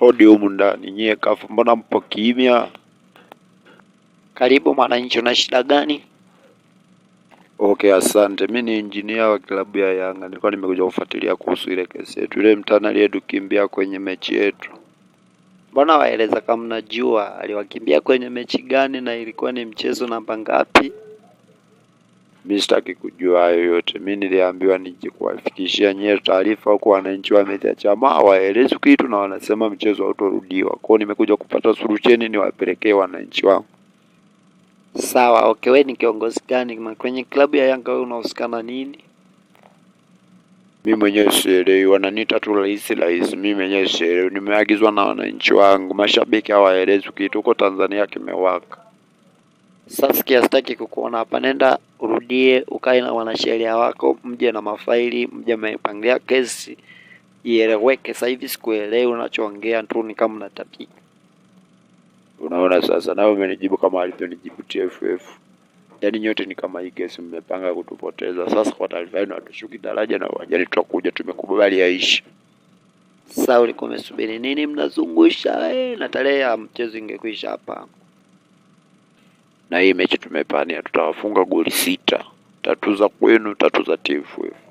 Hodi humu ndani nyie, kafu, mbona mpo kimya? Karibu mwananchi, una shida gani? Okay, asante. Mimi ni injinia wa klabu ya Yanga, nilikuwa nimekuja kufuatilia kuhusu ile kesi yetu, ile mtana aliyetukimbia kwenye mechi yetu. Mbona waeleza kama mnajua aliwakimbia kwenye mechi gani na ilikuwa ni mchezo namba ngapi? Mimi sitaki kujua hayo yote. Mimi niliambiwa nije kuwafikishia nyie taarifa, huku wananchi wamechachamaa, waelezi kitu na wanasema mchezo hautorudiwa. Kwa hiyo nimekuja kupata suluhisheni, niwapelekee wananchi wangu. Sawa, okay. Wewe ni kiongozi gani kwenye klabu ya Yanga? Wewe unahusikana nini? Mi mwenyewe sielewi, wananiita tu rahisi rahisi. Mi mwenyewe sielewi, nimeagizwa na wananchi wangu. Mashabiki hawaelezi kitu, huko Tanzania kimewaka. Saskia sitaki kukuona hapa, nenda urudie ukae na wanasheria wako, mje na mafaili, mje mmepangilia kesi ieleweke. Sasa hivi sikuelewi unachoongea tu, ni kama unatapika. Unaona sasa, nawe umenijibu kama alivyonijibu TFF. Yaani nyote ni kama hii kesi mmepanga kutupoteza. Sasa kwa taarifa yenu, hatushuki daraja na uwanjani, tutakuja. Tumekubali yaishi. Sasa ulikuwa umesubiri nini? Mnazungusha eh, na tarehe ya mchezo ingekwisha hapa na hii mechi tumepania, tutawafunga goli sita, tatu za kwenu, tatu za TFF.